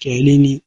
给理你。